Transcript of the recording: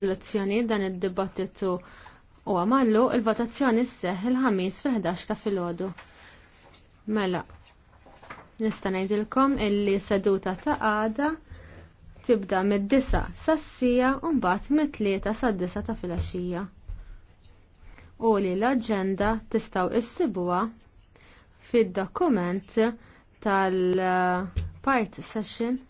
l-elezzjoni dan id-dibattitu u għamallu il-votazzjoni s-seħ il-ħamis fil-11 ta' filgħodu. Mela, nista' ngħidilkom illi seduta ta' għada tibda mid-disa sassija u mbagħad mit-tlieta sad-disa ta' filgħaxija. U li l-aġenda tistgħu issibuha fid-dokument tal-part session